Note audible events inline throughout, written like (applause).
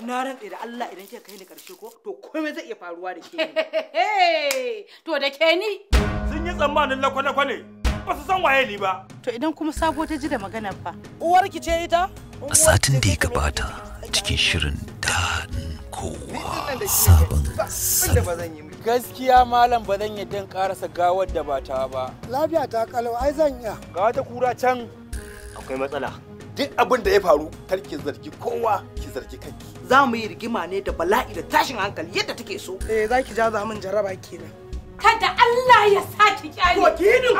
na rantse da Allah idan kika kai ni karshe ko to komai zai iya faruwa da ke (laughs) to da ke ni sun yi tsammanin lakwale lakwa ba su san waye ni ba to idan kuma sabo ta ji da magana fa uwar ki ce ita a satin da ya gabata cikin shirin daɗin kowa sabon gaskiya malam ba zan yadda karasa gawar da ba ta ba lafiya ta kalau ai zan iya ga wata kura can akwai matsala duk abin da ya faru kar ki zargi kowa ki zargi kanki za mu yi rigima ne da bala'i da tashin hankali yadda take so eh za ki ja-za min jaraba kenan kada Allah ya saki kyale Ko ki ni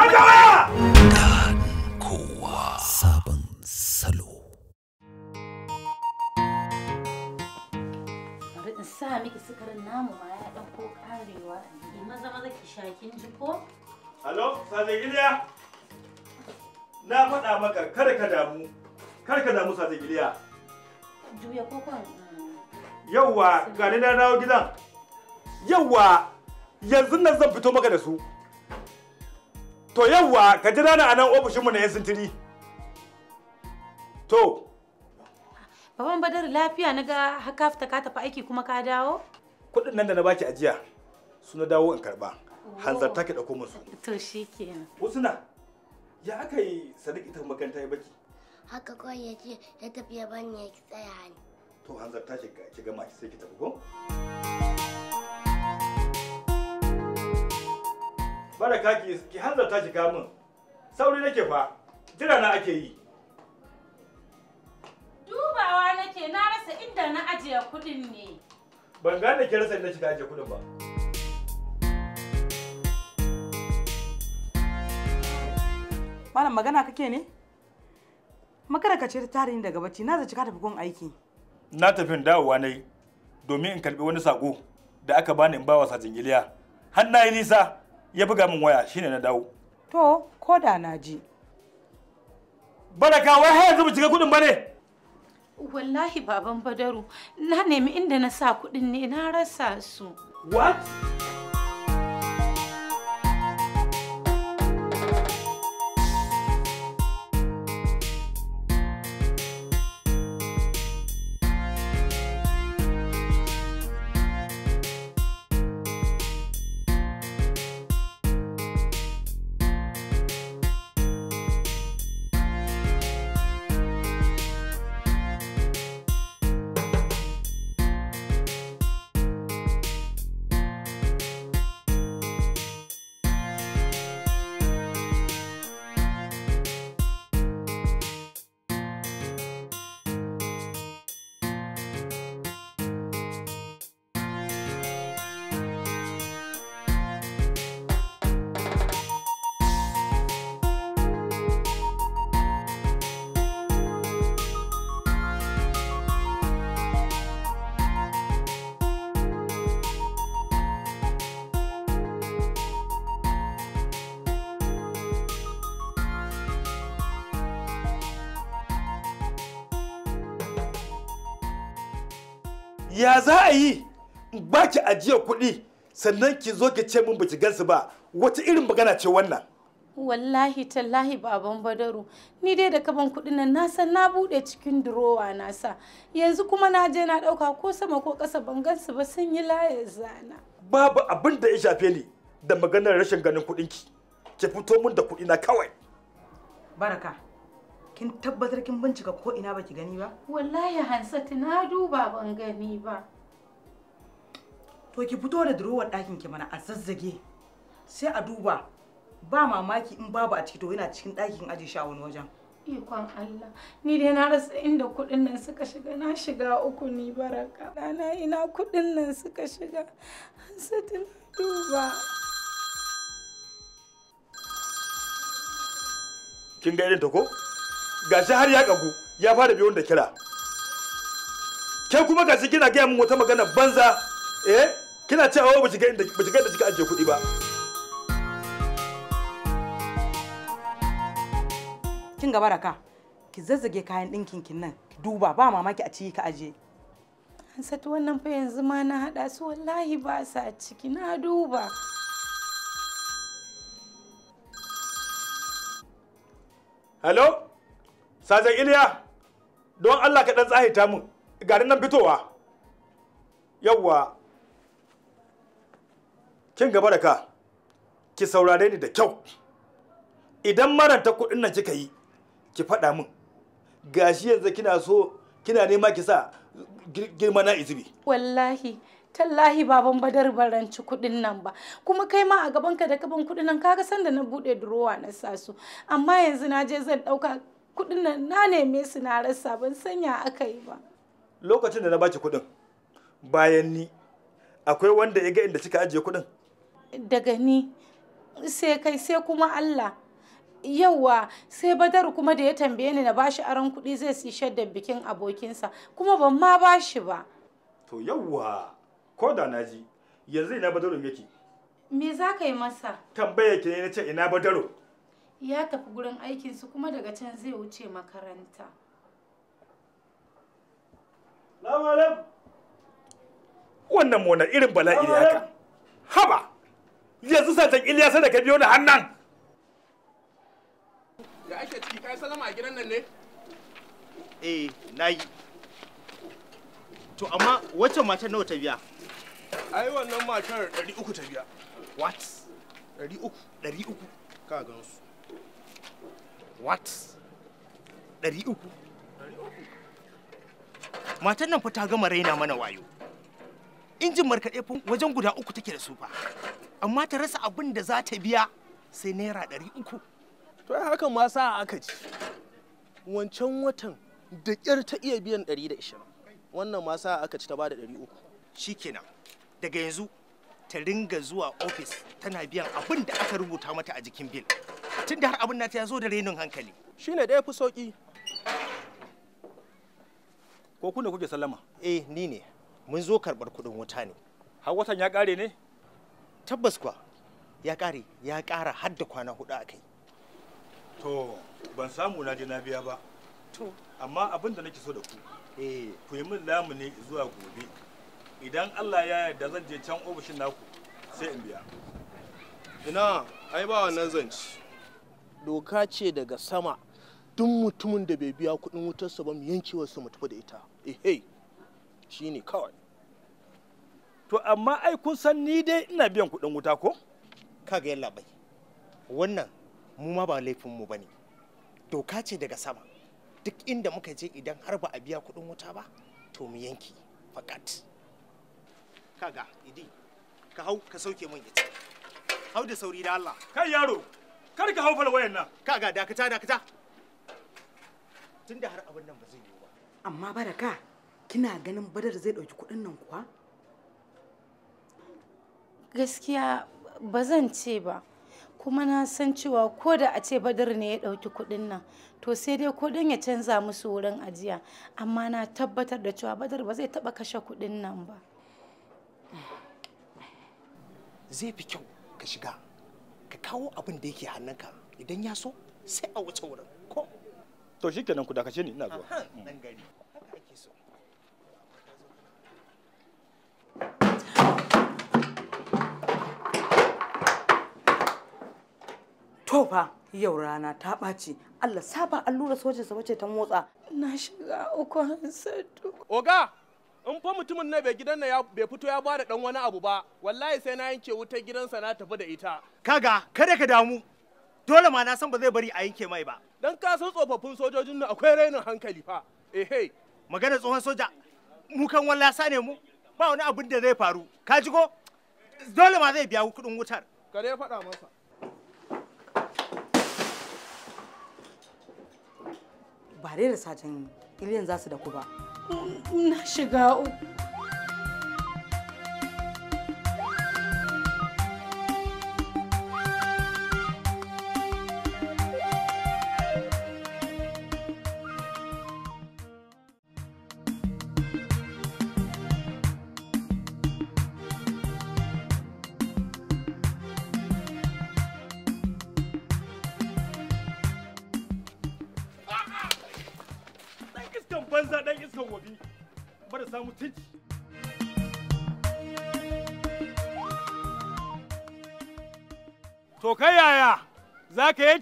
kowa sabon salo sa miki sukarin namu ma ya ko karewa ki maza maza ki sha kin ji ko Alo, Sazegiliya? Na faɗa maka kada ka damu kar ka damu sata Gidiya, juya kokon yawwa ga ni na dawo gidan yawwa yanzu nan zan fito maka da su to yawwa ka jira na anan ofishinmu na yan sintiri to Baban Badar lafiya na ga haka fita ka tafi aiki kuma ka dawo? Kuɗin nan da na baki ajiya su na dawo in karba. Oh. Hanzar take ɗauko musu. To shi kenan. Usuna, ya aka yi Sadiq ita ya baki? haka kawai ya ce ya tafi ya bani ya tsaya ni to hanzar ta ki gama ki sai ki tafi ko baraka ki ki hanzar ta shiga min sauri nake fa jira na ake yi dubawa nake na rasa inda na ajiye kudin ne ban gane ki rasa inda kika ajiye kudin ba Malam magana kake ne? makara ka ce tare ni daga bacci na zaci ka tafi gun aiki na tafin dawowa na yi domin in karbi wani sako da aka bani in bawa sajin giliya har na nisa ya buga min waya shine na dawo to ko da na ji baraka wai har yanzu ba shiga kudin bane wallahi baban badaru na nemi inda na sa kudin ne na rasa su what ya za a yi ba ki ajiye kuɗi sannan ki zo ki ce min baki gansu ba wata irin magana ce wannan wallahi tallahi baban badaru ni dai da kaban kuɗi nan na san na buɗe cikin durowa na sa yanzu kuma na je na ɗauka ko sama ko ƙasa ban gansu ba sun yi laye zana babu abin da ya shafe ni da maganar rashin ganin kuɗinki ki fito mun da na kawai baraka kin tabbatar kin bincika ko ina baki gani ba wallahi hansatu na duba ban gani ba to ki fito da durowar ɗakin ki mana a zazzage sai a duba ba mamaki in babu a ciki to yana cikin ɗakin aje shi a wani wajen ikon Allah ni dai na rasa inda kuɗin nan suka shiga na shiga uku ni baraka Dana ina kuɗin nan suka shiga hansatu na duba kin ga irin ta ko gashi har ya kagu ya fara biyon da kira ke kuma gashi kina gaya min wata magana banza eh kina cewa oh, ba shi ga inda ba ki ga inda ajiye kuɗi ba kin gaba raka ki zazzage kayan ɗinkin kin nan ki duba ba mamaki a ciki ka aje an sato wannan fa yanzu ma na haɗa su wallahi ba sa ciki na duba hello sajan iliya don allah ka ɗan tsahita mun garin nan fitowa yawwa kin gaba da ka ki saurare ni da kyau idan maranta kuɗin nan kika yi ki faɗa min gashi yanzu kina so kina nema ki sa girma na izibi wallahi tallahi baban badar baranci kuɗin nan ba kuma kai ma a gaban ka da kaban kuɗin nan kaga sanda na buɗe durowa na sasu amma yanzu na je zan ɗauka kudin nan na neme su na rasa ban sanya aka yi ba lokacin da na baki kuɗin bayan ni akwai wanda ya ga inda kika ajiye kuɗin daga ni sai kai sai kuma Allah yauwa sai badar kuma da ya tambaye ni na bashi aron kuɗi zai si shaddar bikin abokinsa kuma ban ma bashi ba to yauwa ko da na ji yanzu ina badarun yake me za ka yi masa tambaya ke ne na ce ina badaro ya tafi gurin aikinsu kuma daga can zai wuce makaranta. Wannan mona irin bala'i ne haka. Haba! Yanzu santan sai da ka biyo da hannan. Ya ake ciki kai salama a gidan nan ne? Eh, na yi. To amma wacce matar nawa ta biya? Ai wannan matar ɗari uku ta biya. What? Ɗari uku, ɗari uku. Ka gansu. what dari uku matan nan fa ta gama raina mana wayo injin markaɗe wajen guda uku take da sufa amma ta rasa abin da za ta biya sai naira ɗari uku to ai hakan ma sa aka ci wancan watan da ƙyar ta iya biyan ɗari da ishirin wannan ma sa aka ci ta bada ɗari uku shikenan daga yanzu ta ringa zuwa ofis tana biyan abin da aka rubuta mata a jikin bil tun da har abin nata ya zo da renin hankali shine da ya fi sauki ko ku ne kuke sallama eh ni ne mun zo karɓar kuɗin wuta ne har watan ya ƙare ne tabbas kuwa ya ƙare ya ƙara har da kwana hudu a kai to ban samu na je na biya ba to amma abin da nake so da ku eh ku yi min lamuni zuwa gobe idan Allah ya yarda zan je can ofishin naku sai in biya ina ai ba wannan zanci doka ce daga sama duk mutumin da bai biya kuɗin wutarsa ba mu yanke wasu mutufa da ita ehe shi ne kawai to amma ai kun san ni dai ina biyan kuɗin wuta ko kaga yalla bai wannan mu ma ba laifin mu bane doka ce daga sama duk inda muka je idan har ba a biya kuɗin wuta ba to mu yanke fakat kaga idi ka hau ka sauke mun ita hau da sauri da Allah kai yaro kar ka haufar wayan nan kaga dakata dakata tunda har abin nan ba zai yi ba amma baraka kina ganin badar zai dauki kudin nan kuwa gaskiya ba zan ce ba kuma na san cewa ko da a ce badar ne ya ɗauki kuɗin nan to sai dai kuɗin ya canza musu wurin ajiya amma na tabbatar da cewa badar ba zai taɓa kashe kuɗin nan ba zai fi kyau ka shiga ka kawo abin da yake hannunka idan ya so sai a wuce wurin ko to kenan ku dakace ni ina zuwa nan gari haka ake so to fa yau rana ta ɓaci Allah saba allura sojinsa wace ta motsa na shiga uku hansatu oga in fa mutumin na bai gidan na bai fito ya bada dan wani abu ba wallahi sai na yanke wutar gidansa na tafi da ita kaga kada ka damu dole ma na san ba zai bari a yanke mai ba dan ka san tsofaffin sojojin nan akwai rainin hankali fa ehe magana tsohon soja mu kan wallahi sa ne mu ba wani abin da zai faru ka ji ko dole ma zai biya kudin wutar ka dai faɗa masa ba dai da sajan iliyan za su da ku ba na shiga uku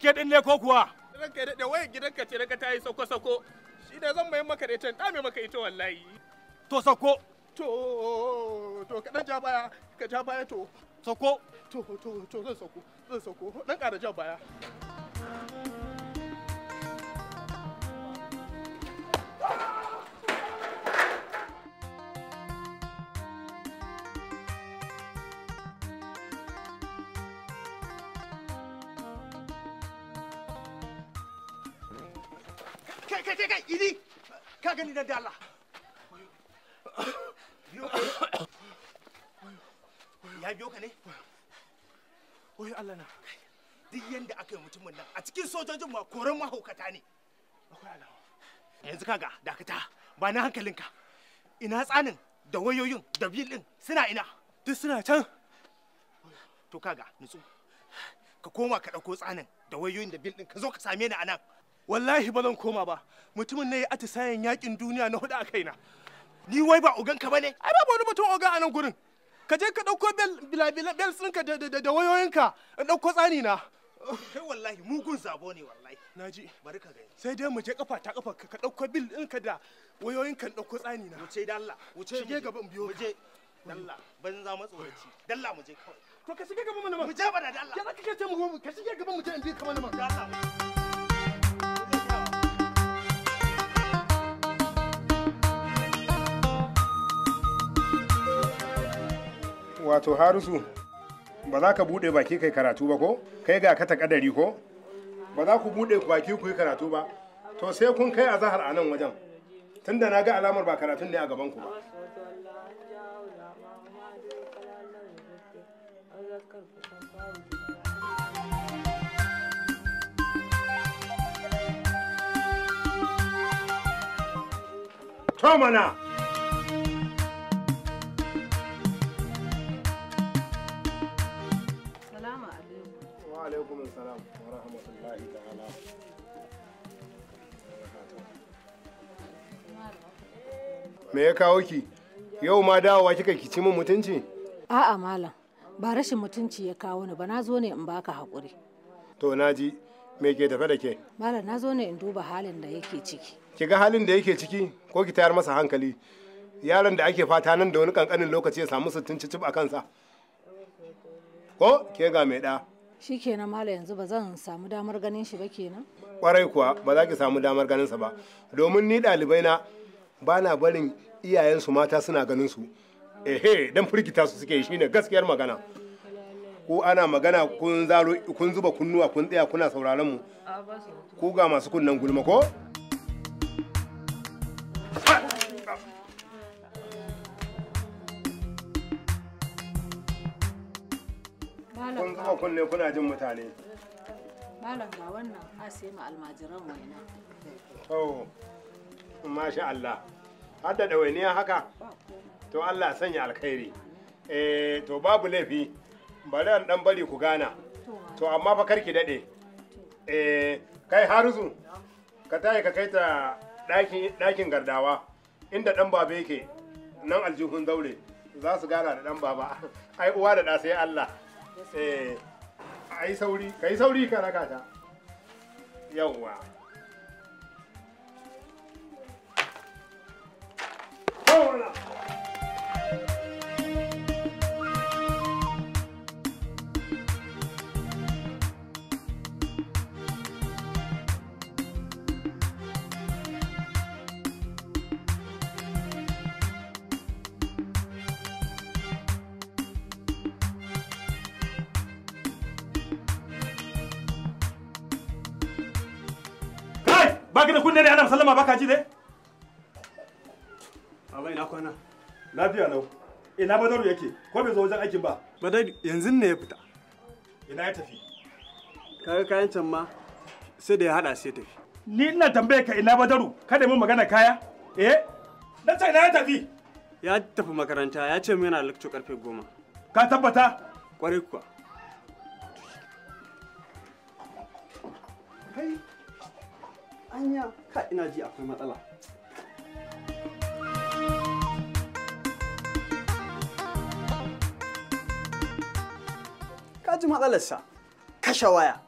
yake din ne ko kuwa ranka da da wayan gidanka ce ranka ta yi sako sako shi da zan mai maka da ita ta mai maka ita wallahi to sako to to ka ja baya ka ja baya to sako to to to zan sako zan sako dan ƙara ja baya idi ka gani da dala? ya biyo ka ne oyi Allah na duk yanda aka yi mutumin nan a cikin sojojin ma koren mahaukata ne yanzu kaga dakata ba na hankalinka ina tsanin da wayoyin da bil din suna ina duk suna can to kaga nutsu ka koma ka ɗauko tsanin da wayoyin da bil din ka zo ka same ni a nan wallahi ba zan koma ba mutumin ne ya atisayen yakin duniya na hudu a kaina ni wai ba ogan ka bane ai babu wani mutum oga a nan gurin ka je ka dauko bel bel ɗinka da wayoyinka in dauko tsani na kai eh, wallahi mugun zabo ne wallahi naji bari ka gani sai dai mu je kafa ta kafa ka dauko bil dinka da wayoyinka in dauko tsani na wuce dalla wuce shige in biyo ka dalla za matsoraci dalla mu je kawai to ka shige gaban mu ne mu je bada dalla ya zaka ce mu ka shige gaban mu je in bi kamar mu dalla wato Harusu ba za ka buɗe baki kai karatu ba ko kai ga kata kadari ko ba za ku buɗe baki ku yi karatu ba to sai kun kai azahar a nan wajen tunda na ga alamar ba karatun ne a gaban ku ba mana. me ya kawo ki yau ma dawowa kika ki ci min mutunci a'a malam ba rashin mutunci ya kawo ni ba na zo ne in baka hakuri. to naji me ke tafe da ke malam na zo ne in duba halin da yake ciki ki ga halin da yake ciki ko ki tayar masa hankali yaron da ake fata nan da wani kankanin lokaci ya samu sittin cicib a kansa ko ke ga mai ɗa shi kenan mala yanzu ba zan samu damar ganin shi ba kenan kwarai kuwa ba za ki samu damar ganin sa ba domin ni dalibai na ba na barin iyayensu mata suna ganin su ehe dan firgita su suke shi shine gaskiyar magana ko ana magana kun zaro kun zuba kunnuwa kun tsaya kuna sauraron mu ko ga masu kunnen gulma ko kun zuba kunne kuna jin mutane malam ga wannan a sai ma almajiran waina oh masha Allah har da haka to Allah sanya alkhairi eh to babu laifi bari an dan bari ku gana to amma fa karki dade eh kai haruzu ka tayi ka kai ta ɗakin ɗakin gardawa inda dan baba yake nan aljuhun zaure za su gana da dan baba ai uwa da ɗa sai Allah eh ai sauri kai sauri ka raka ta yawwa sallama baka ji dai? Baba ina kwana. Lafiya lau. Ina Badaru yake? Ko bai zo wajen aikin ba? Badaru yanzu ne ya fita. Ina ya tafi? Kaga kayan can ma sai da ya hada sai tafi. Ni ina tambaye ka ina Badaru? Kada mun magana kaya? Eh? Na ce ina ya tafi? Ya tafi makaranta ya ce mu yana lecture karfe goma. Ka tabbata? Kwarai kuwa. anya ka ina ji akwai matsala ka ji matsalarsa kashe waya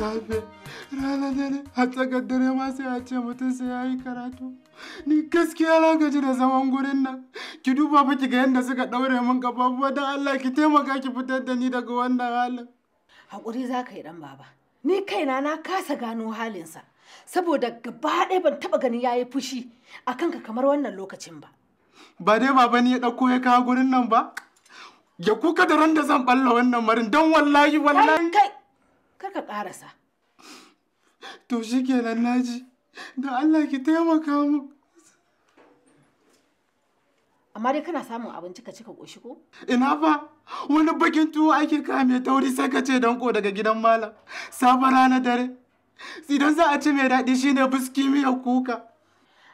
safe rana dare a tsakar dare ma sai a ce mutum sai ya yi karatu ni gaskiya na gaji da zaman gurin nan ki duba fa ki ga yadda suka ɗaure min kafafuwa don Allah ki taimaka ki fitar da ni daga wannan halin hakuri za ka yi dan baba ni kaina na kasa gano halinsa saboda gaba ɗaya ban taba ganin ya yi fushi a kanka kamar wannan lokacin ba ba dai baba ni ya ɗauko ya kawo gurin nan ba ya kuka da ran da zan ɓalla wannan marin don wallahi wallahi kai kar ka ƙarasa. To shi kenan naji, da Allah ki taimaka mu. Amma dai kana samun abinci ka cika ƙoshi ko? Ina fa, wani bakin tuwo ake kame tauri sai ka ce danko daga gidan malam, Safa rana dare. Idan za a ci mai daɗi shine biski miyar kuka.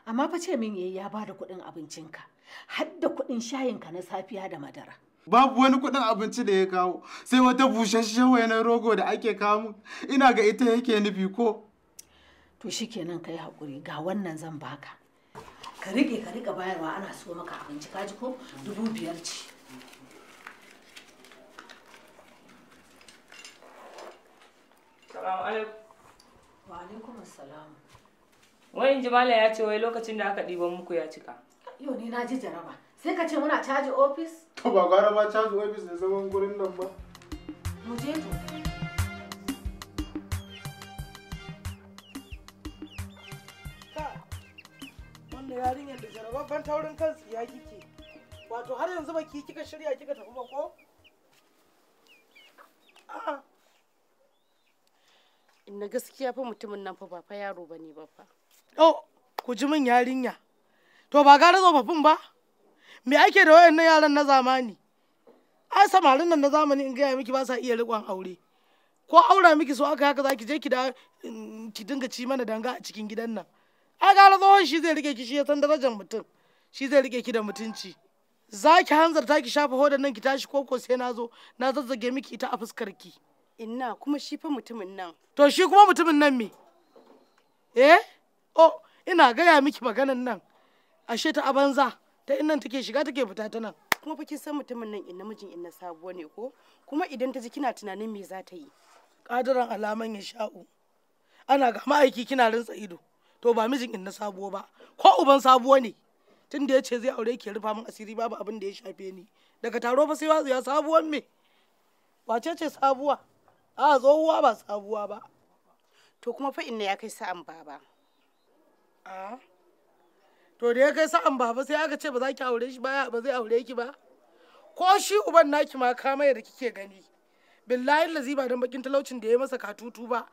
Amma fa ce min yayi ya bada kuɗin abincinka, har da kuɗin shayinka na safiya da madara. babu wani kudin abinci da ya kawo sai wata busasshen wayanar rogo da ake kawo ina ga ita yake nufi ko to shikenan kai hakuri ga wannan zan baka ka rike ka rika bayarwa ana so maka abinci kaji ko dubu biyar ce salamu alaikum wa alaikum assalam jimala ya ce wai lokacin da aka ɗiban muku ya cika yau ni na ji jaraba sai ka ce muna caji ofis To ba gara ma caji ofis ne zaman gurin nan ba. da jarababban taurin kike. Wato har yanzu ba ki kika shirya kika tafi ba ko? gaskiya fa mutumin nan fa ba fa yaro ba fa. Oh, ku ji min yarinya. To ba gara tsofaffin ba? me ake da wayannan yaran na zamani ai samarin nan na zamani in gaya miki ba sa iya riƙon aure ko aura miki so aka haka zaki je ki da ki dinga ci mana danga a cikin gidan nan ai gara tsohon shi zai rike ki shi ya san darajar mutum shi zai rike ki da mutunci za ki hanzarta ki shafa hodan nan ki tashi koko sai na zo na zazzage miki ita a fuskar ki inna kuma shi fa mutumin nan to shi kuma mutumin nan me eh oh ina gaya miki maganan nan ashe ta abanza ta innan take shiga take fita ta nan kuma fa kin san mutumin nan in namijin in na sabuwa ne ko kuma idan ta ji kina tunanin me za ta yi kadiran alaman ya sha'u ana ga ma'aiki kina rintsa ido to ba mijin in na sabuwa ba ko uban sabuwa ne tun da ya ce zai aure ke rufa min asiri babu abin da ya shafe ni daga taro fa sai watsu ya sabuwan me wace ce sabuwa a tsohuwa ba sabuwa ba to kuma fa inna ya kai sa'an baba a to da ya kai sa'an baba sai aka ce ba za ki aure shi baya ba zai aure ki ba ko shi uban naki ma mai da kike gani billahi lazi ba dan bakin talaucin da ya masa katutu ba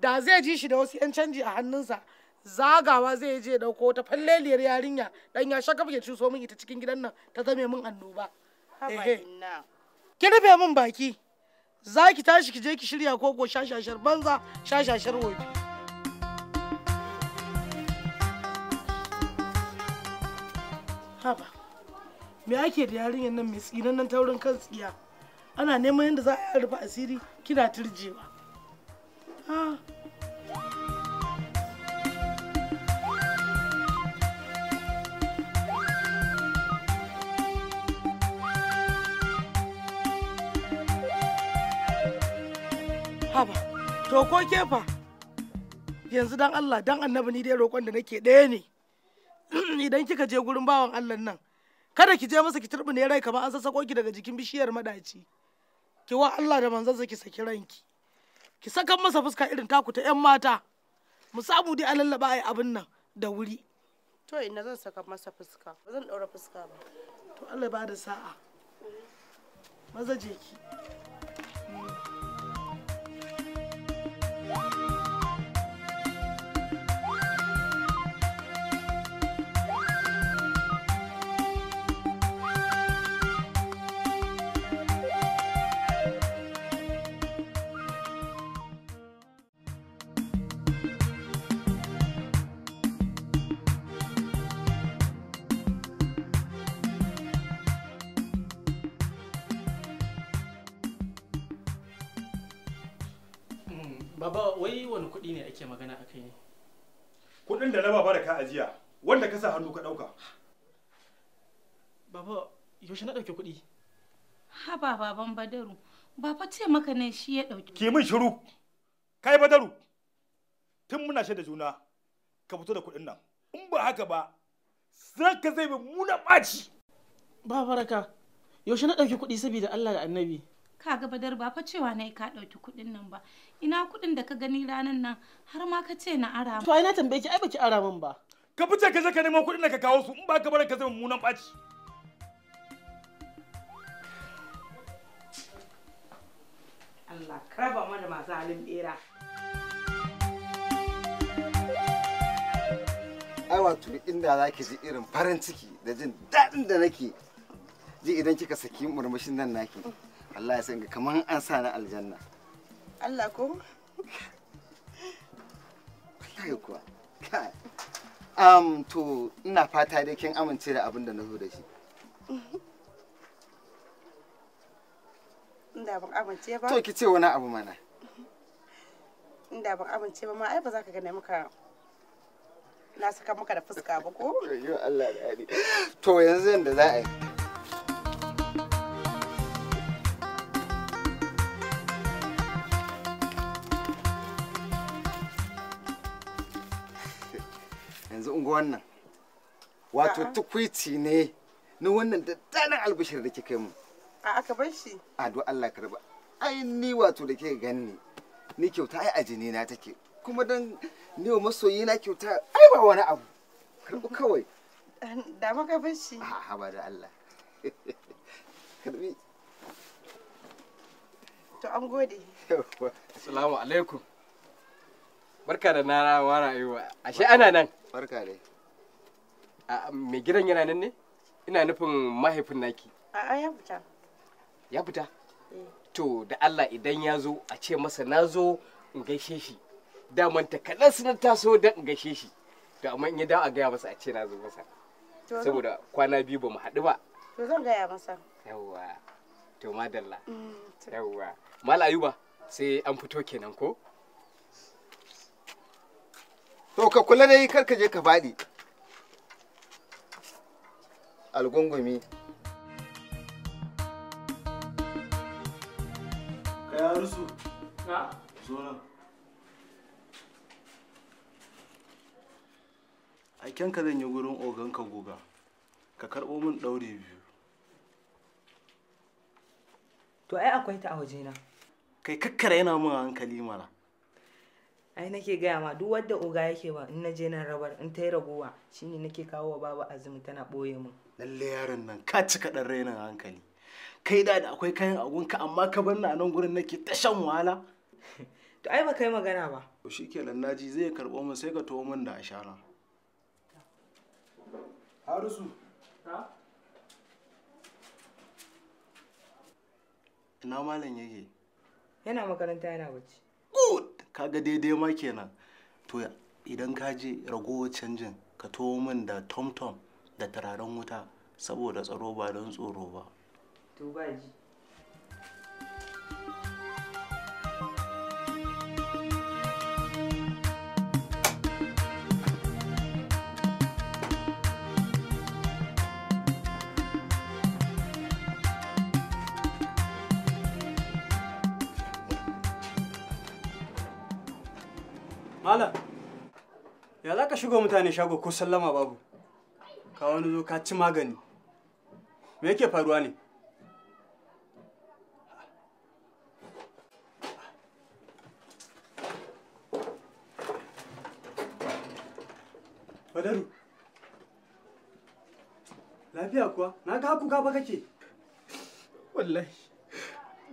da zai ji shi da wasu yan canji a hannunsa zagawa zai je ko ta falleliyar yarinya dan ya shaka ya ciso min ita cikin gidan nan ta zame min annoba ki rufe min baki za ki tashi ki je ki shirya koko shashashar banza shashashar wofi haba me ake da yarinyar nan mai tsinan nan taurin kan tsiya ana neman yadda za a rufe asiri kina turjewa haba to ko kefa yanzu dan Allah dan annabi ni dai roƙon da nake ɗaya ne (clears throat) idan kika je gurin bawan Allah nan kada ki je masa ki turbine rai kamar an sassako ki daga jikin bishiyar madaci ki wa Allah da manzansa ki saki ranki ki saka masa fuska irin taku ta yan mata mu samu dai alallaba ai abin nan da wuri to ina zan saka masa fuska ba zan daura fuska ba to Allah ba da sa'a maza ki Baba wai wani kuɗi ne ake magana a kai ne? Kuɗin da na baba da ka ajiya wanda ka sa hannu ka ɗauka. Baba yaushe na ɗauke kuɗi? ba baban Badaru, baba ce maka ne shi ya ɗauke. ke min shiru, kai Badaru, tun muna shaida juna ka fito da kuɗin nan. In ba haka ba, za ka zai muna ɓaci. Ba baraka, yaushe na ɗauke kuɗi saboda Allah da annabi. ka ga badar ba fa cewa na ka ɗauki kuɗin nan ba ina kuɗin da ka gani ranar nan har ma ka ce na ara to ai na tambaye ki ai baki ara man ba ka fice ka je ka neman kuɗin da ka kawo su in ba ka bar ka zama munan ɓaci Allah karaba mana masu halin bera ai wato inda za ki ji irin farin ciki da jin daɗin da nake ji idan kika saki murmushin nan naki wallahi sai ga kaman an sa na aljanna Allah ko wallahi kuwa um to ina fata dai kin amince da abin da na zo da shi inda ban amince ba to ki ce wani abu mana inda ban amince ba ma ai ba za ka gane maka na saka maka da fuska ba ko yo Allah da hadi. to yanzu yanda za a yi unguwan nan wato tukwici ne na wannan daddanin albishir da kika yi mu a aka bar shi a do Allah karba ai ni wato da kika ganni ni kyauta ai ajini na take kuma dan ni wa masoyi na kyauta ai ba wani abu karbu kawai da maka bar shi a ba da Allah (laughs) karbi to an gode assalamu alaikum barka da na rawa rayuwa ashe ana nan Farka dai mai gidan yana nan ne ina nufin mahaifin naki a ya fita ya fita eh. to da Allah idan ya zo a ce masa na zo in gaishe shi daman ta kaɗan suna taso da in gaishe shi to amma in ya dawo a gaya masa a ce na zo masa saboda kwana biyu ba mu haɗu ba to zan gaya masa yawwa to madalla mm, yawwa mala ayuba sai an fito kenan ko to ka kula da kar ka je ka faɗi algungumi ka ya rusu ka zo nan aiken ka zan yi gurin ogan ka goga ka karɓo min ɗaure biyu to ai akwai ta a wajena kai kakkara yana min hankali mana ai nake gaya ma duk wadda oga yake ba in na je nan rabar in ta yi ragowa shine nake kawo wa baba azumi tana ɓoye mun lalle yaron nan ka cika ɗan rainan hankali kai da da akwai kayan agunka amma ka bar na nan gurin nake ta shan wahala (laughs) to ai ba kai magana ba to shikenan naji zai karɓo min sai ka tuwo min da ashara harusu ina malam yake yana makaranta yana bacci good kaga daidai ma kenan to idan ka je ragowar canjin ka towo min da tom tom da turaren wuta saboda tsaro ba don tsoro ba to ba ji Malam, ya za ka shigo mutane shago ko sallama babu? Ka wani zo ka ci magani. Me yake faruwa ne? Badaru, lafiya kuwa, na ga haku ka kake. Wallahi,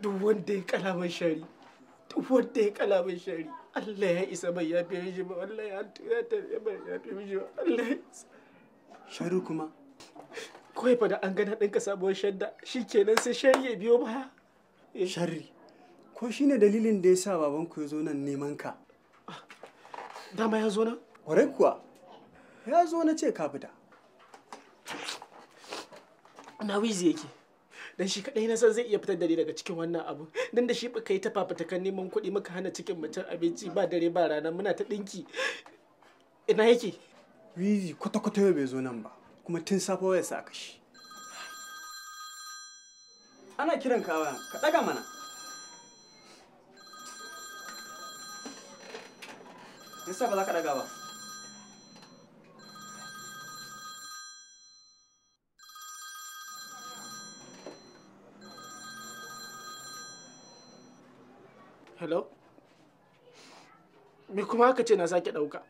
duk wanda ya kalaman shari. duk wanda ya kala mai shari Allah ya isa mai ya fi mishi ba Allah ya tura ta bai ya fi mishi ba Allah ya isa sharu kuma kawai fa da an gana ɗinka sabuwar shadda shikenan sai shari ya biyo baya eh. sharri ko shi ne dalilin da ya sa babanku ya zo nan neman ka dama ya zo nan kwarai kuwa ya zo na ce ka fita na wizi yake dan shi kadai na san zai iya fitar da ni daga cikin wannan abu dan da shi kai yi ta kan neman kuɗi muka hana cikin mutum abinci ba dare ba rana muna ta dinki ina yake wizi kwata kwata bai zo nan ba kuma tun safa waya sa kashi ana kiran ka waya ka daga mana yasa ba za ka daga ba hello me kuma aka ce na sake ɗauka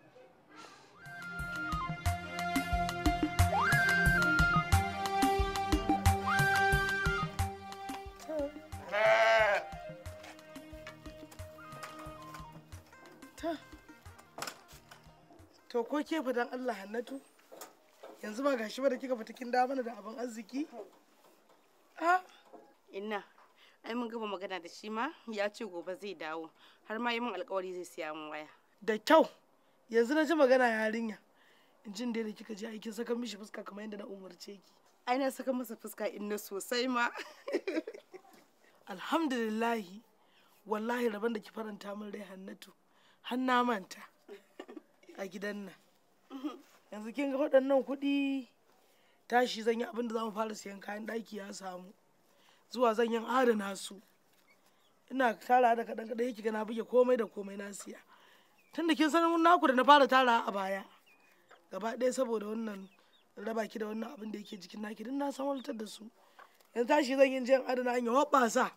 to ko ke dan Allah hannatu yanzu ba gashi ba da kika fita kin da mana da abin arziki Ah, inna ai mun gaba magana da shi ma ya ce gobe zai dawo har ma yi mun alkawari zai siya mun waya da kyau yanzu na ji magana yarinya in jin da kika je aikin saka mishi fuska kamar yadda na umarce ki ai na saka masa fuska in na sosai ma (laughs) alhamdulillahi wallahi rabon da ki faranta min rai hannatu har na manta a gidan nan yanzu kin ga waɗannan kuɗi tashi zan yi abin da za mu fara siyan kayan ɗaki ya samu zuwa zan yi adana su ina tara da kaɗan kaɗan yake gana buge komai da komai na siya tun da kin san naku da na fara tara a baya gaba ɗaya saboda wannan raba ki da wannan abin da yake jikin naki din na san waltar da su yanzu tashi zan yi jin adana an yi hoɓasa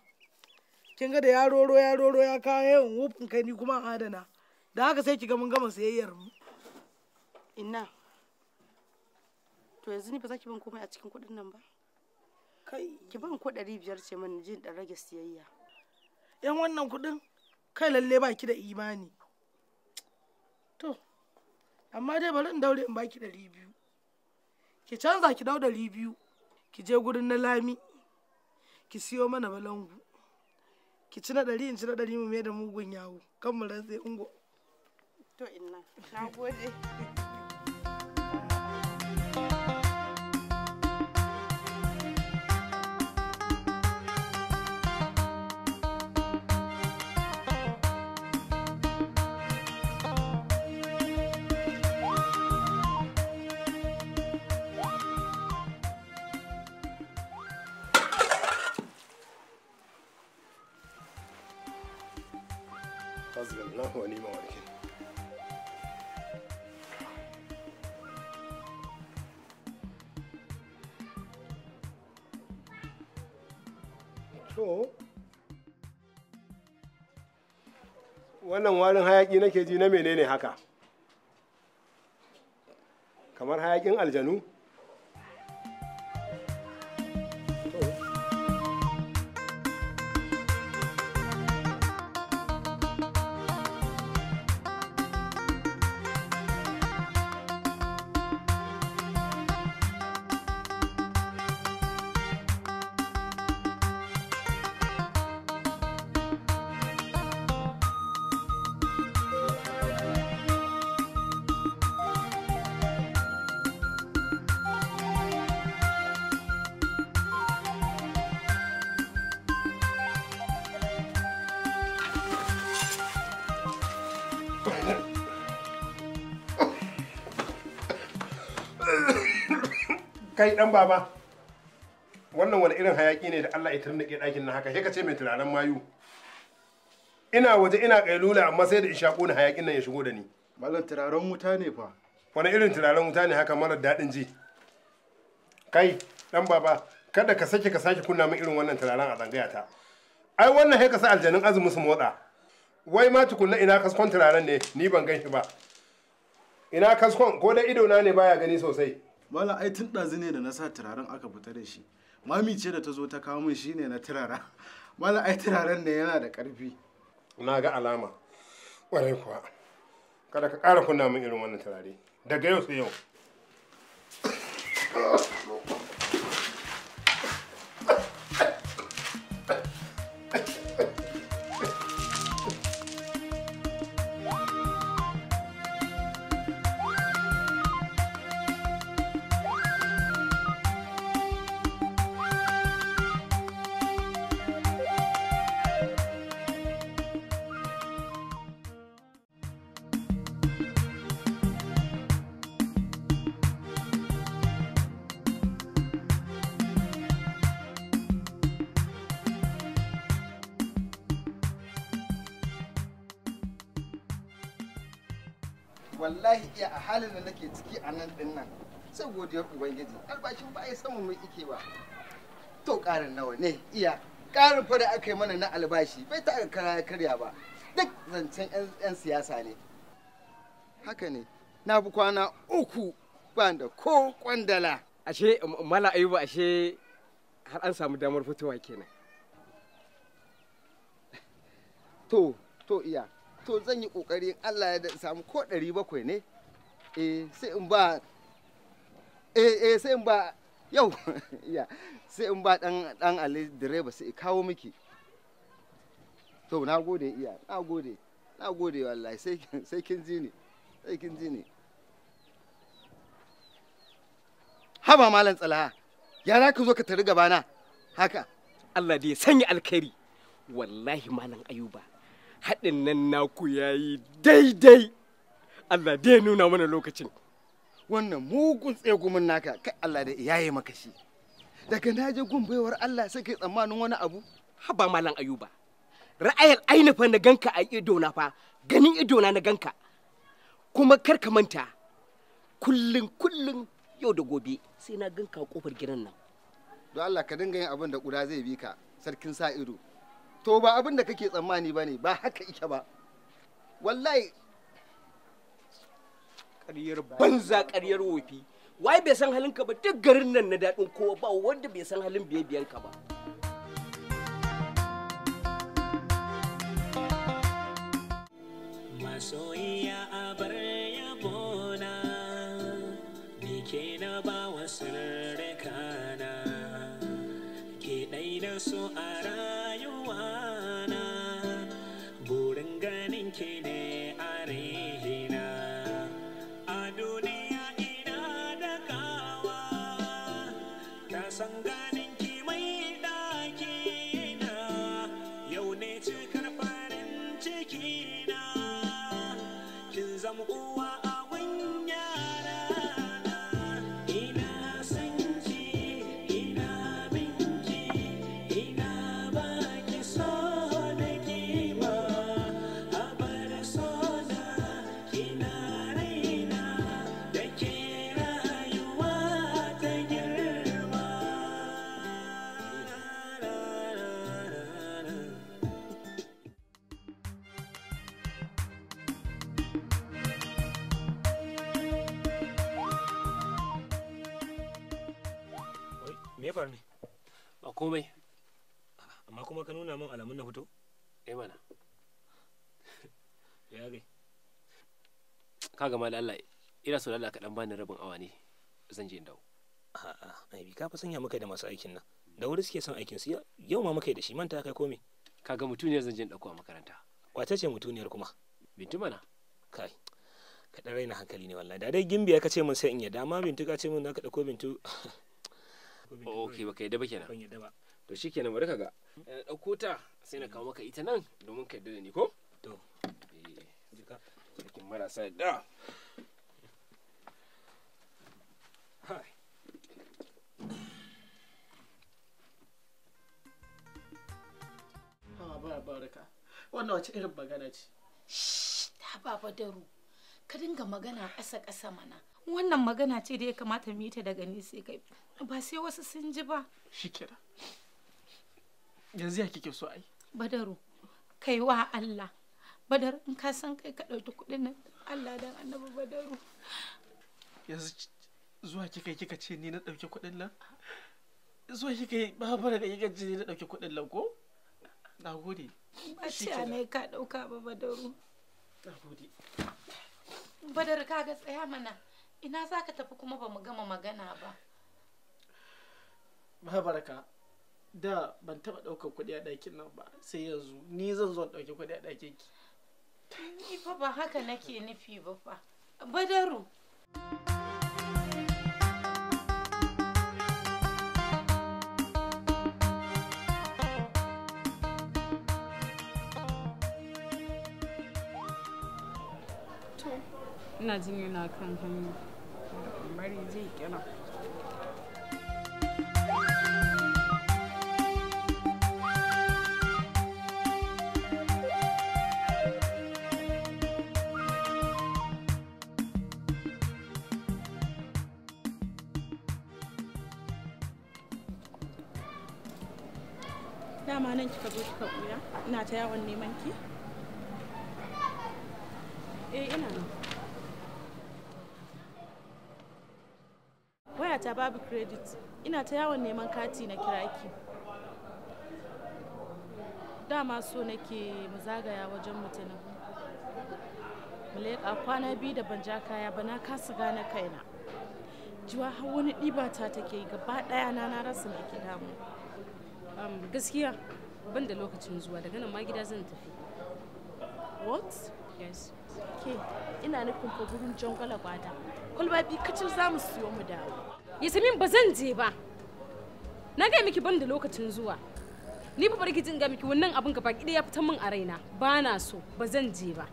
kin ga da ya roro ya roro ya kawo yawan wufin kai ni kuma adana da haka sai ki ga mun gama sayayyar mu inna to yanzu ni ba za ki ban komai a cikin kuɗin nan ba kai ki ban ku ɗari biyar ce min jin ɗan rage siyayya yan wannan kuɗin kai lalle ba ki da imani to amma dai bari in daure in baki ɗari biyu ki canza ki dau ɗari biyu ki je gurin na lami ki siyo mana balangu ki ci na ɗari in ci na ɗari mu mai da mugun yawo kan mu rantse ungo to inna na gode wannan warin hayaki nake ji na menene haka kamar hayakin aljanu kai dan baba wannan wani irin hayaki ne da Allah ya ke ɗakin na haka sai ka ce mai turaren mayu ina waje ina kailula amma sai da ishaku na hayakin nan ya shigo da ni mallan turaren wuta ne fa wani irin turaren wuta ne haka mara daɗin ji kai dan baba kada ka sake ka sake kunna min irin wannan turaren a zangaya ta ai wannan sai ka sa aljanun azumi su motsa wai ma tukunna ina kaskon turaren ne ni ban gan shi ba ina kaskon ko da idona ne baya gani sosai mala ai tun ɗazu ne da na sa turaren aka fita da shi mami ce da ta zo ta kawo min shi ne na turara (laughs) mala ai turaren ne yana da ƙarfi na ga alama ƙwarai kuwa kada ka ƙara kunna min irin wannan turare daga yau sai yau wallahi iya a halin da nake ciki a nan din nan sai godiyar ubangiji albashin ba ya samu mai ike ba to ƙarin nawa ne iya ƙarin fa da aka yi mana na albashi bai ta aka karya ba duk zancen 'yan siyasa ne haka ne na bi kwana uku ba da ko kwandala ashe mala ayuba ashe har an samu damar fitowa kenan to to iya to zan yi kokari Allah ya samu ko ɗari bakwai ne eh sai in ba eh eh sai in ba yau (laughs) ya sai in ba dan dan Ali direba sai kawo miki to na gode iya na gode na gode wallahi sai sai kin ji ni sai kin ji ni haba malam tsalaha yara ka zo ka tari gabana haka Allah dai sanya alkhairi wallahi malam ayuba haɗin nan naku yayi yi daidai Allah dai nuna mana lokacin wannan mugun tsegumin naka kai Allah da yi maka shi daga na je gun baiwar Allah sai kai tsammanin wani abu haba malam ayuba ra'ayar ainifa na ganka a ido na fa ganin idona na na ganka kuma kar ka manta kullun kullun yau da gobe sai na ganka kofar gidan nan don Allah ka dinga yin abin da ƙura zai bi ka sarkin sa ido to ba abin da kake tsammani ba ne ba haka ike ba wallahi ƙaryar banza ƙaryar wofi wai bai san halinka ba duk garin nan na daɗin kowa ba wanda bai san halin biye biyanka ba masoyiya a bar yabona ni ke na ba sirrika ke ɗai na so a me ne ba komai amma kuma ka nuna min alamun na fito eh mana (laughs) ya gai ka gama da Allah ina so Allah ka dan bani rabin awa ne zan je in dawo a'a ai bi ka fa sanya muka da masu aikin nan da wuri suke son aikin su yau ma muka da shi manta kai komai kaga mutuniyar zan je dauko a makaranta wace ce mutuniyar kuma bintu mana kai ka dan raina hankali ne wallahi da dai gimbiya ka ce mun sai in ya dama bintu ka ce mun naka ka dauko bintu (laughs) Oh, ok ba ka yadda kenan ban yadda ba to shikenan bari ka ga eh, na dauko ta sai na kawo maka ita nan domin ka yadda da ni ko to eh jika cikin marasa yadda wannan wace irin magana ce ta baba daru ka dinga magana ƙasa ƙasa mana wannan magana ce da ya kamata mu yi ta daga ni sai kai ba sai wasu sun ji ba shikenan yanzu ya kike so ai badaru kai wa Allah badar in ka san kai ka ɗauki kuɗin nan Allah dan annabi badaru yanzu zuwa kika kika ce ni na dauki kuɗin nan zuwa kika yi babura da kika ce ni na dauki kuɗin nan ko na gode ba ce a ka ɗauka ba badaru nagode gode badar kaga tsaya mana ina za ka tafi kuma ba mu gama magana ba mahabarka da ban taba ɗaukar kuɗi a ɗakin nan ba sai yanzu ni zan zo ɗauki kuɗi a ɗakin ki ni fa ba haka nake nufi ba fa badaru ina jin yana kan hanyar bari zai kira dama nan kika zo kika ɓuya ina ta yawon neman ki eh ina babu credit ina ta yawon neman kati na kiraki dama so nake mu zagaya wajen mutanen mu kwana biyu da ban ja kaya ba na kasa gane kaina jiwa har wani ta take gaba ɗaya na na rasa nake damu gaskiya ban da lokacin zuwa daga nan ma gida zan tafi what yes ke ina nufin fa gurin jan gwalagwada kwalba biyu kacal za mu siyo mu dawo Yasamin ba zan je ba. Na ga miki ban da lokacin zuwa. Ni ba barki jin ga miki wannan abin gaba ki ya fita min a raina. Ba na so, ba zan je ba.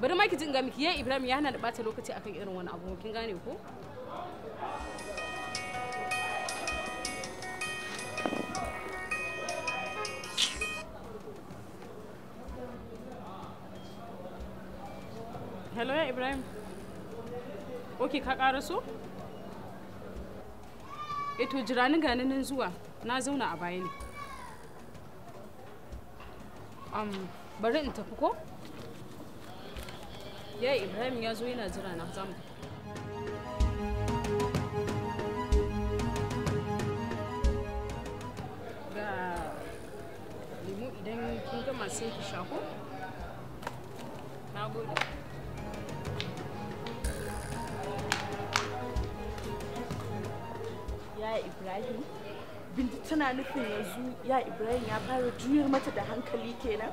Bari ma ki jin ga miki yayin Ibrahim ya hana da bata lokaci akan irin wani abu kin gane ko? Hello ya Ibrahim. Okay, ka ƙara so? e to jira ni gani nan zuwa na zauna a baya ne um, bari in tafi ko ya ibrahim ya zo yana jira na zamu ga limu idan kin gama sai ki shako na gode tana nufin yanzu ya ibrahim ya fara juyar mata da hankali kenan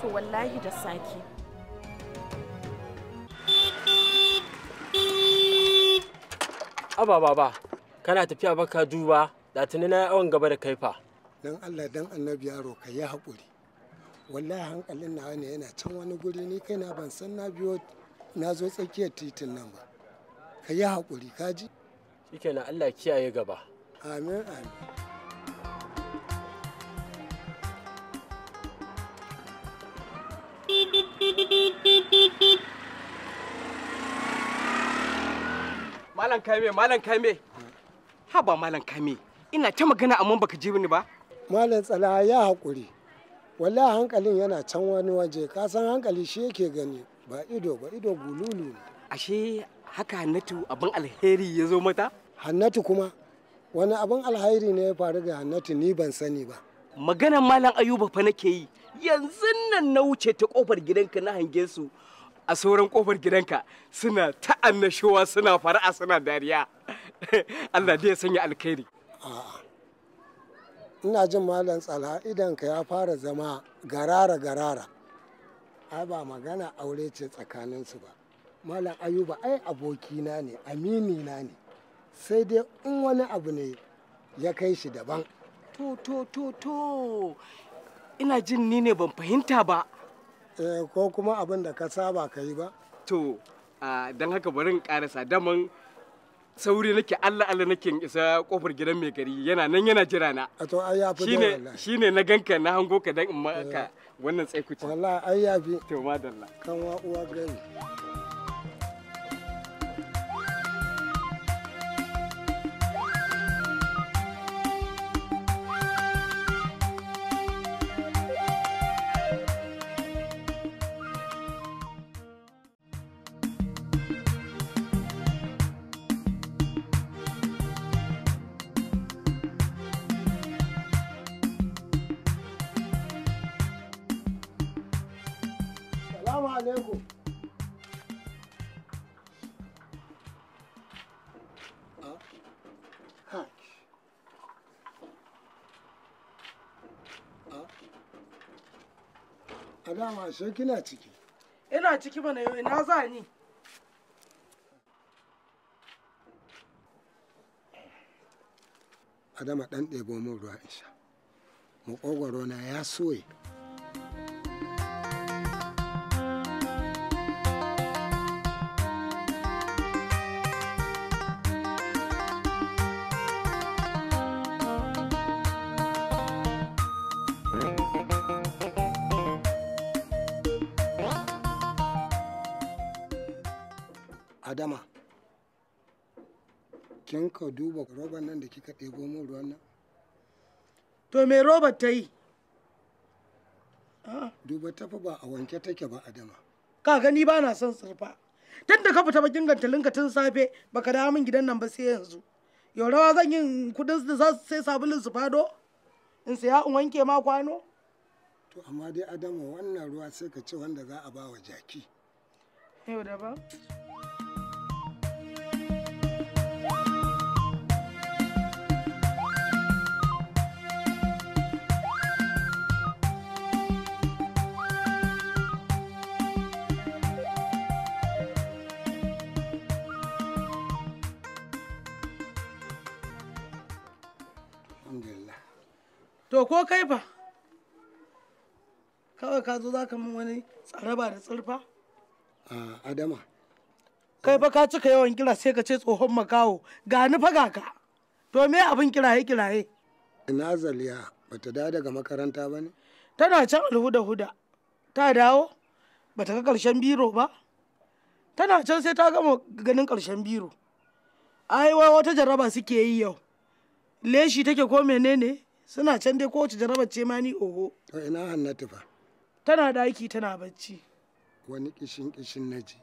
to wallahi da sake ababa baba kana tafiya baka duba da tuni na yawan gaba da kaifa don allah dan annabi yaro ka yi haƙuri wallahi hankalin nawa ne yana can wani guri ni kaina ban san na biyo na zo tsakiyar titin nan ba ka yi haƙuri ka ji shikenan allah kiyaye gaba Amin, amin. Malam Kame, Malam Kame. Haba Malam Kame, ina ta magana amma baka ji ni ba? Malam Tsala ya haƙuri. Wallahi hankalin yana can wani waje, ka san hankali shi yake gani, ba ido ba ido gululu ne. Ashe haka Hannatu abin alheri ya zo mata? Hannatu kuma wani abin alhairi ne ya faru ga hannatu ni ban sani ba Maganar malam ayuba fa nake yi yanzu nan na wuce ta kofar gidanka na hange su a sauran kofar gidanka suna ta annashuwa suna fara'a suna dariya (laughs) Allah dai ya sanya alkhairi ina jin malam tsala idan ka ya fara zama garara garara ai ba magana aure ce tsakaninsu ba malam ayuba ai abokina ne aminina ne sai dai in wani abu ne ya kai shi daban to to to to ina jin ni ne ban fahimta ba eh, ko kuma abin da ka saba ka yi ba to uh, don haka barin karasa daman sauri nake Allah Allah nake isa kofar gidan mai gari yana nan yana jira na to ai ya fi shine shine na ganka na hango ka dan in ma ka eh. wannan tsaikuci wallahi ai ya fi to madalla kan wa uwa gari dama sai kina ciki ina ciki mana yau ina za ni adama dan ɗebo min ruwa ma makogwaro na ya soye kika duba roban nan da kika ɗebo min ruwan nan to me robar ta yi ah, duba fi ba a wanke take ba adama ka gani ba na son surfa tun da ka fita bakin gantalinka tun safe baka dawo min gidan nan ba sai yanzu yau rawa zan yi kudin da za su sai sabulun su fado in saya in wanke ma kwano to amma dai adama wannan ruwa sai ka ce wanda za a ba wa jaki yau da ba ko kai fa kawai ka zo za ka min wani tsaraba da tsirfa a adama kai fa ka cika yawan kira sai ka ce tsohon makawo ga ni fa ga ka to me abin kiraye kiraye ina zaliya bata da daga makaranta ba ne tana can alhuda huda ta dawo bata ga karshen biro ba tana can sai ta gama ganin karshen biro ai wata jarraba suke yi yau leshi take ko menene suna can dai kowace jarabar ce ma ni oho to ina hannatu fa tana daki tana bacci wani kishin kishin naji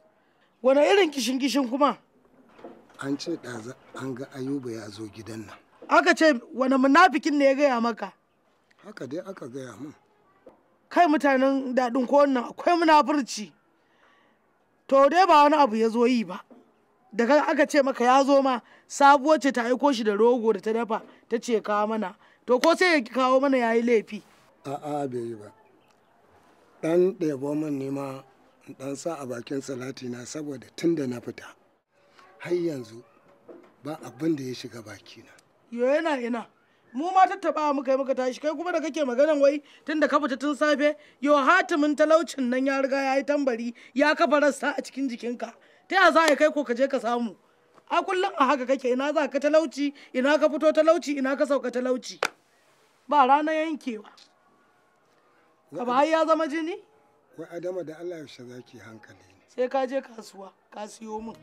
wani irin kishin kishin kuma an ce ɗaza an ga ayuba ya zo gidan nan aka ce wani munafikin ne ya gaya maka haka dai aka gaya min kai mutanen daɗin ko wannan akwai munafurci to dai ba wani abu ya zo yi ba da aka ce maka ya zo ma sabuwar ce ta aiko shi da rogo da ta dafa ta ce ka mana to ko sai ya kawo mana yayi laifi a'a bai yi ba dan ɗebo min ma dan sa a bakin salati na saboda tun da na fita har yanzu ba abin da ya shiga baki na yo yana ina mu ma taba muka yi muka tashi kai kuma da kake maganan wai tunda ka fita tun safe yo hatimin talaucin nan ya riga ya yi tambari ya kafa rassa a cikin jikinka ta ya za a kai ko ka je ka samu a kullum a haka kake ina za ka talauci ina ka fito talauci ina ka sauka talauci ba rana yankewa gaba ya zama jini wai adama da allah yaushe zaki hankali ne sai ka je kasuwa ka siyo min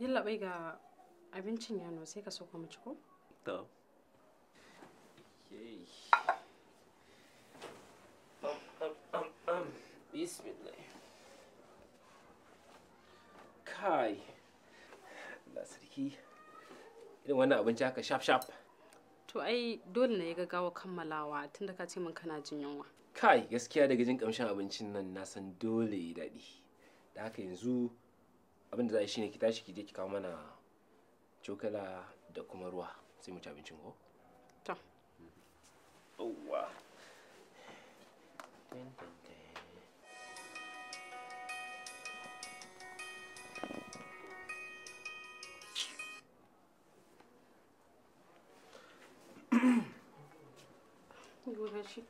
yallaɓai ga abincin yano sai ka so mu ci ko? to bismillah kai Allah sarki irin wannan abinci haka shaf shaf to ai dole ne ya gawa kammalawa tunda ka ce min kana jin yunwa kai gaskiya daga jin kamshin abincin nan na san dole ya daɗi da haka yanzu abin da za a yi shine ki tashi ki je ki kawo mana cokala da kuma ruwa sai mu ci abincin ko to rubuta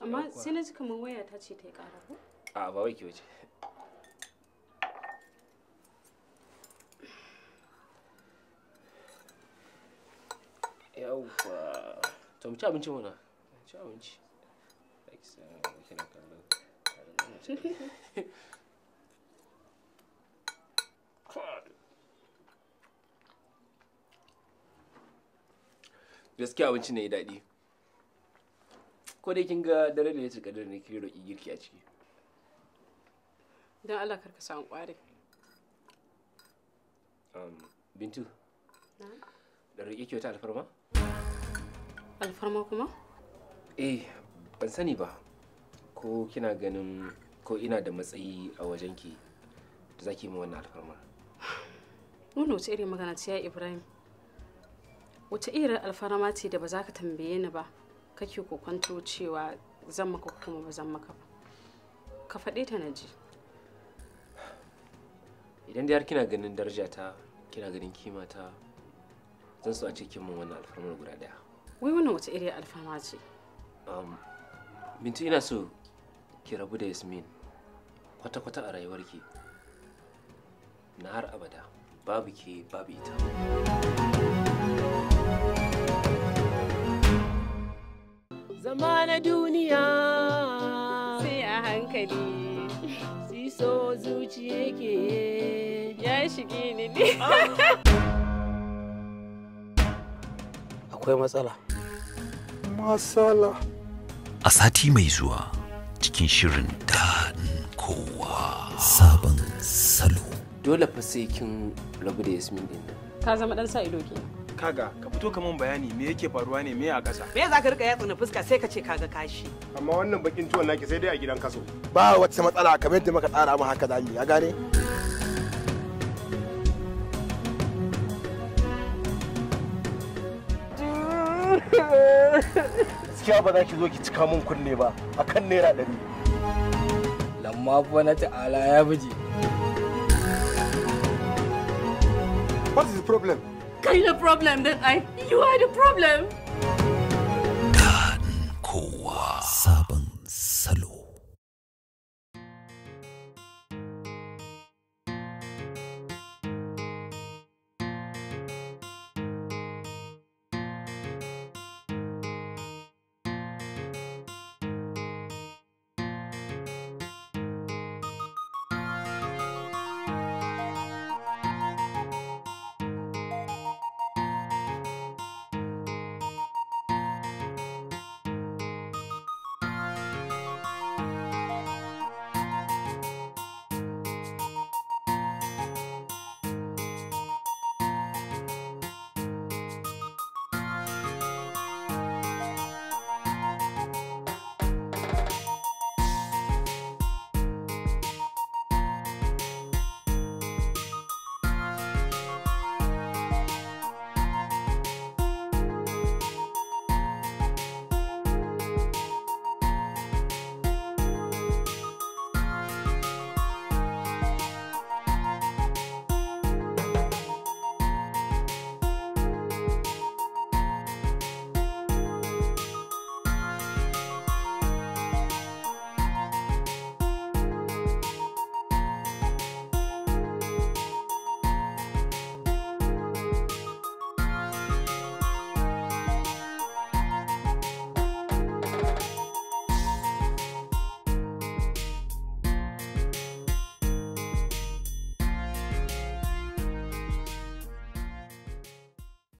amma sai na ji kamar waya ta ce ta yi ƙara ko a ba wai ki to mu ci abinci mana ci abinci uh, gaskiya abinci ne daɗi ko dai kin ga dare da lailatul qadar ne kike roki girki a ciki dan Allah karka samu kware um bintu na da roki wata alfarma alfarma kuma eh ban sani ba ko kina ganin ko ina da matsayi a wajenki da zaki mu wannan alfarma nuna wata irin magana ta ya ibrahim wata irin alfarma ce da ba za ka tambaye ni ba kake kokonto cewa zan maka kuma ba zan maka ba ka faɗe ta na ji idan da har kina ganin daraja ta kina ganin kima ta zan so a cikin mun wani alfarmar guda daya wai wannan wace irin alfama ce um, bintu ina so ki rabu da yasmin kwata-kwata a rayuwarki na har abada babu ke babu ita ma na duniya sai a hankali siso zuci yake ya shige ni ne (laughs) akwai matsala matsala a sati mai zuwa cikin shirin daɗin kowa sabon salo dole fa sai kin rabu da yasmin din ka zama ɗan sa ido kenan kaga ka fito ka min bayani me yake faruwa ne me a ƙasa me za ka rika yatsa na fuska sai ka ce kaga kashi amma wannan bakin tuwon naki sai dai a gidan kaso ba wata matsala kamar yadda muka tsara mu haka zamu ya gane gaskiya ba za ki zo ki cika min kunne ba akan naira ɗari lamma kuwa na ta'ala ya buje What is the problem? kind of problem that I... You had a problem?